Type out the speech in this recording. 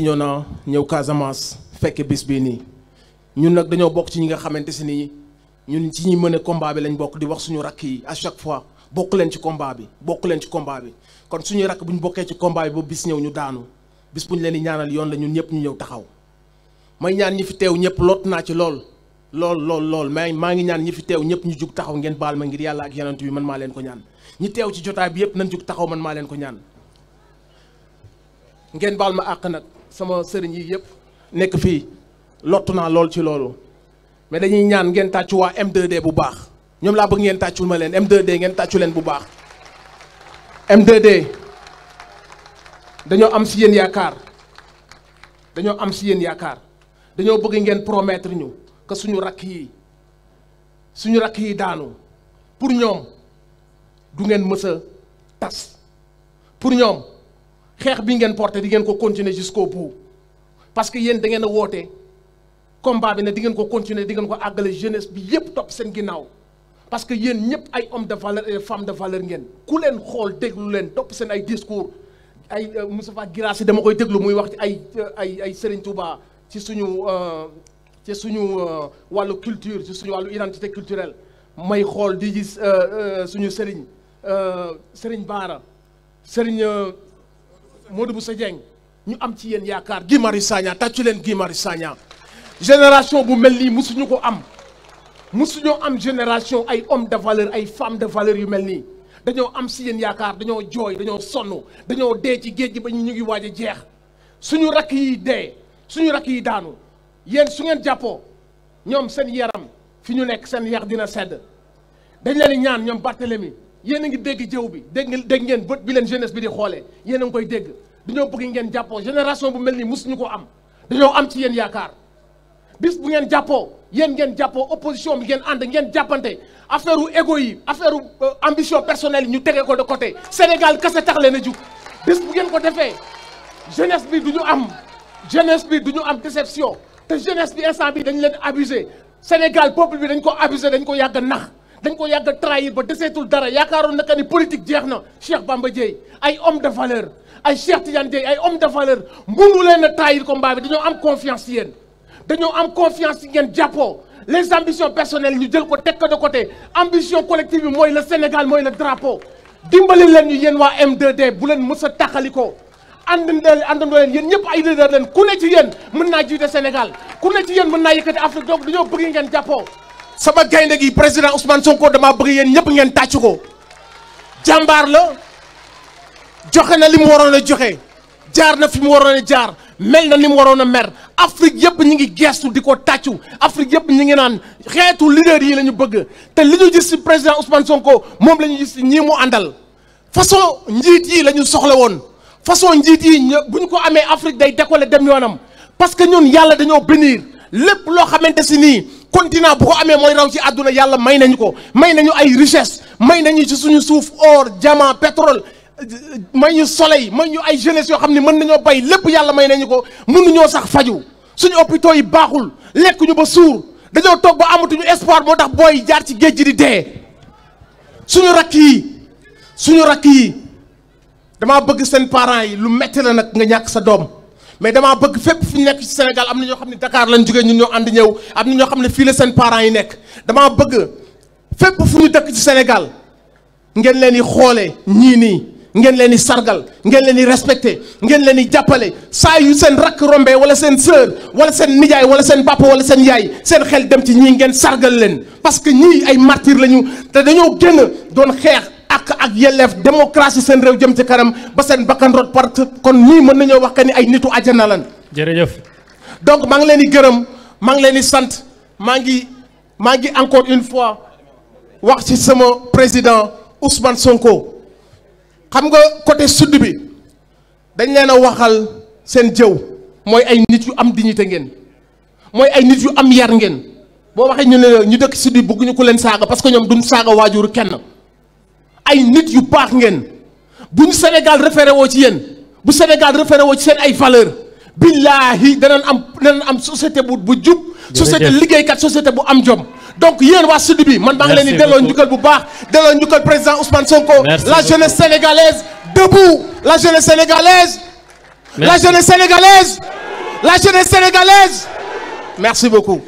Bignona ñëw Casamance fekke bis bii nii ñun nag dañoo bokk ci ñi nga xamante si nii ñun ci ñi mën a combat bi lañ bokk di wax suñu rakk yi à chaque fois bokk leen ci combat bi bokk leen ci combat bi kon suñu rakk bu ñu bokkee ci combat bi ba bis ñëw ñu daanu bis bu ñu leen di ñaanal yoon la ñun ñëpp ñu ñëw taxaw may ñaan ñi fi teew ñëpp lot naa ci lool lool lool lool may maa ngi ñaan ñi fi teew ñëpp ñu jug taxaw ngeen baal ma ngir yàlla ak yonent bi man maa leen ko ñaan ñi teew ci jotaay bi yëpp nañ jug man maa ko ñaan sama sëriñ yi yëpp nekk fii lottu naa lool ci loolu mais dañuy ñaan ngeen tàccu waa m bu baax ñoom laa bëgg ngeen tàccu ma leen m ngeen tàccu leen bu baax mdd dañoo am si yéen yaakaar dañoo am si yéen yaakaar dañoo bëgg ngeen promettre ñu que suñu rakk yi suñu rakk yi daanu pour ñoom du ngeen mës a tas pour ñoom xeex bi ngeen porté di ngeen ko continuer jusqu'au bout parce que yéen da ngeen a woote combat bi ne di ngeen ko continuer di ngeen ko àggale jeunesse bi yépp topp seen ginnaaw parce que yéen ñëpp ay hommes de valeur et femmes de valeur ngeen ku leen xool déglu leen topp seen ay discours ay euh, Moustapha Guirassy dama koy déglu muy wax ci ay euh, ay ay Serigne ci suñu euh, ci suñu wàllu culture ci suñu wàllu identité culturelle may xool di gis suñu Serigne Serigne Baara Serigne. moo Modou Bousso Dieng ñu am ci yéen yaakaar Guy Marius Sagna tàccu leen Guy Marius Sagna génération bu mel nii musuñu ko am musuñoo am génération ay hommes de valeur ay femmes de valeur yu mel nii dañoo am si yéen yaakaar dañoo jooy dañoo sonn dañoo dee ci géej gi ba ñu ñu ngi waaj a jeex suñu rakk yi dee suñu rakk yi daanu yéen su ngeen jàppoo ñoom seen yaram fi ñu nekk seen yax dina sedd dañ leen ñaan ñoom Barthélemy yéen a ngi dégg jëw bi dégg dégg ngeen bët bi leen jeunesse bi di xoolee yéen ngi koy dégg dañoo bëgg ngeen jàppo génération bu mel nii mosuñu ko am dañoo am ci yéen yaakaar bis bu ngeen jàppoo yéen ngeen jàppoo opposition bi ngeen ànd ngeen jàppante affaire u égo yi affaire u euh, ambition personnelle yi ñu tege ko de côté Sénégal kese tax leen a jug bis bu ngeen ko defee jeunesse bi du ñu am jeunesse bi du ñu am déception te jeunesse bi instant bi dañ leen abusé Sénégal peuple bi dañ ko abusé dañ ko yàgg nax dañ ko yàgg a trahir ba deseetul dara yaakaaroon naka ni politique jeex na Cheikh Bamba Dièye ay homme de valeur ay Cheikh Tidiane Dièye ay homme de valeur munu leen a trahir combat bi dañoo am confiance ci yéen dañoo am confiance yi ngeen jàppoo les ambitions personnelles ñu jël ko teg ko de côté ambition collective bi mooy le Sénégal mooy le drapeau dimbali leen ñu yéen waa m bu leen mës a tàqalikoo àndandoo àndandoo leen yéen ñëpp ay leader leen ku ci yéen mën naa jiite Sénégal ku ne ci yéen mën naa ngeen jàppoo sama gaynde gi président Ousmane Sonko dama bëgg yéen ñëpp ngeen tàcc ko jàmbaar la joxe na li mu waroon a joxe jaar na fi mu waroon a jaar mel na ni mu waroon a mer Afrique yëpp ñu ngi geestu di ko tàccu Afrique yëpp ñu ngi naan xeetu leader yi la ñu bëgg te li ñu gis ci président Ousmane Sonko moom la ñu gis ci ñii mu àndal façon njiit yi lañu ñu soxla woon façon njiit yi bu ñu ko amee Afrique day décoller dem yoonam parce que ñun yàlla dañoo bénir. lépp loo xamante si nii continent bu ko amee mooy raw ci àdduna yàlla may nañu ko may nañu ay richesse may nañu ci suñu suuf or jamaa petrole may ñu soleil may ñu ay jeunesse yoo xam ne mën nañoo bay lépp yàlla may nañu ko mënuñoo sax faju suñu hôpitaux yi baaxul lekkuñu ba suur dañoo toog amatuñu espoir moo tax booy jaar ci géej gi di dee suñu rakk yi suñu rakk yi damaa bëgg seen parents yi lu metti la nag nga ñàkk sa doom mais damaa bëgg fépp fu ñu nekk ci Sénégal am na ñoo xam ne Dakar lañ jógee ñun ñoo ànd ñëw am na ñoo xam ne fii la seen parents yi nekk damaa bëgg fépp fu ñu dëkk ci Sénégal ngeen leen di xoolee ñii nii ngeen leen di sargal ngeen leen di respecté ngeen leen di jàppale saa yu seen rakk rombee wala seen sœur wala seen nijaay wala seen papa wala seen yaay seen xel dem ci ñii ngeen sargal leen parce que ñii ay martyr lañu te dañoo génn doon xeex. àq ak yelleef démocratie seen réew jëm ci kanam ba seen bakkan rot part kon ñii mën nañoo wax que ni ay nitu àjjana lan jërëjëf donc maa ngi leen di gërëm maa ngi leen di sant maa ngi maa ngi encore une fois wax ci sama président Ousmane Sonko xam nga côté sud bi dañ leen a waxal seen jëw mooy ay nit yu am di dignité ngeen mooy ay nit yu am yar ngeen boo waxee ñu ne ñu dëkk sud bi bëgguñu ko leen saaga parce que ñoom duñ saaga waajur kenn. ay nit yu baax ngeen bu ñu Sénégal référé woo ci yéen bu Sénégal référé woo ci seen ay valeur billaahi danañ am danañ am société bu bu jub société liggéeykat société bu am jom donc yéen waa sud bi man maa ngi leen di delloo njukkal bu baax delloo njukkal président Ousmane Sonko la jeunesse sénégalaise debout la jeunesse sénégalaise la jeunesse sénégalaise la jeunesse sénégalaise merci beaucoup